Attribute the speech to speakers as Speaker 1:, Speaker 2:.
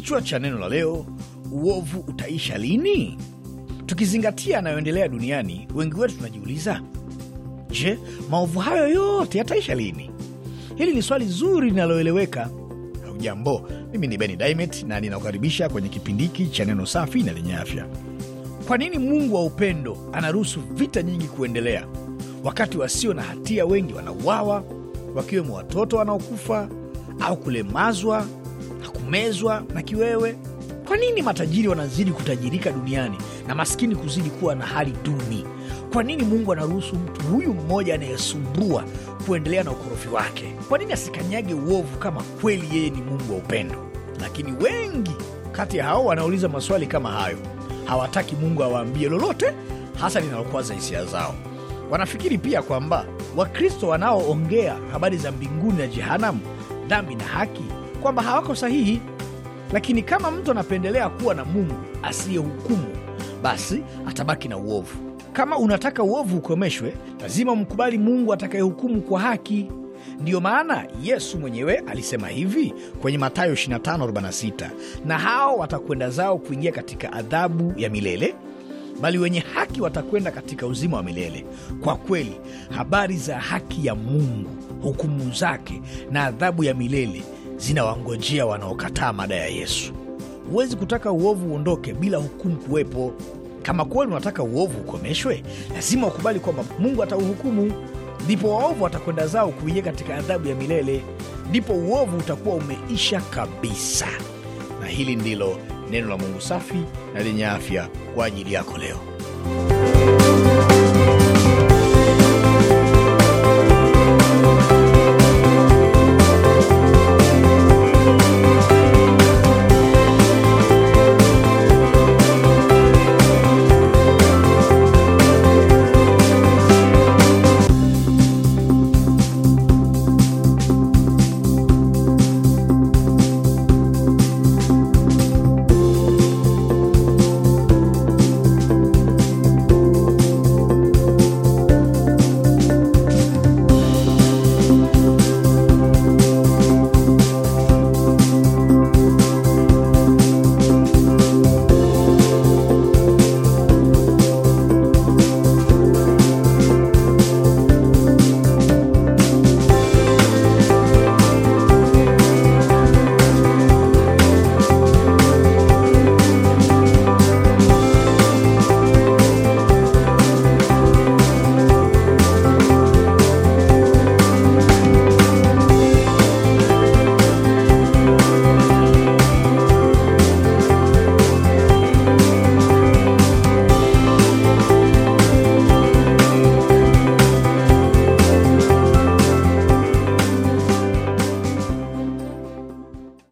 Speaker 1: Kichwa cha neno la leo, uovu utaisha lini? Tukizingatia yanayoendelea duniani, wengi wetu tunajiuliza, je, maovu hayo yote yataisha lini? Hili ni swali zuri linaloeleweka. Hujambo, mimi ni Beni Dimet na ninakukaribisha kwenye kipindi hiki cha neno safi na lenye afya. Kwa nini Mungu wa upendo anaruhusu vita nyingi kuendelea wakati wasio na hatia wengi wanauawa, wakiwemo watoto wanaokufa au kulemazwa kumezwa na kiwewe? Kwa nini matajiri wanazidi kutajirika duniani na maskini kuzidi kuwa na hali duni? Kwa nini Mungu anaruhusu mtu huyu mmoja anayesumbua kuendelea na ukorofi wake? Kwa nini asikanyage uovu kama kweli yeye ni Mungu wa upendo? Lakini wengi kati ya hao wanauliza maswali kama hayo, hawataki Mungu awaambie lolote, hasa linalokwaza hisia zao. Wanafikiri pia kwamba Wakristo wanaoongea habari za mbinguni na jehanamu, dhambi na haki kwamba hawako sahihi. Lakini kama mtu anapendelea kuwa na Mungu asiyehukumu, basi atabaki na uovu. Kama unataka uovu ukomeshwe, lazima umkubali Mungu atakayehukumu kwa haki. Ndiyo maana Yesu mwenyewe alisema hivi kwenye Mathayo 25:46, na hao watakwenda zao kuingia katika adhabu ya milele bali wenye haki watakwenda katika uzima wa milele. Kwa kweli, habari za haki ya Mungu, hukumu zake na adhabu ya milele zinawangojea wanaokataa mada ya Yesu. Huwezi kutaka uovu uondoke bila hukumu kuwepo. Kama kweli unataka uovu ukomeshwe, lazima ukubali kwamba Mungu atauhukumu. Ndipo waovu watakwenda zao kuingia katika adhabu ya milele, ndipo uovu utakuwa umeisha kabisa. Na hili ndilo neno la Mungu safi na lenye afya kwa ajili yako leo.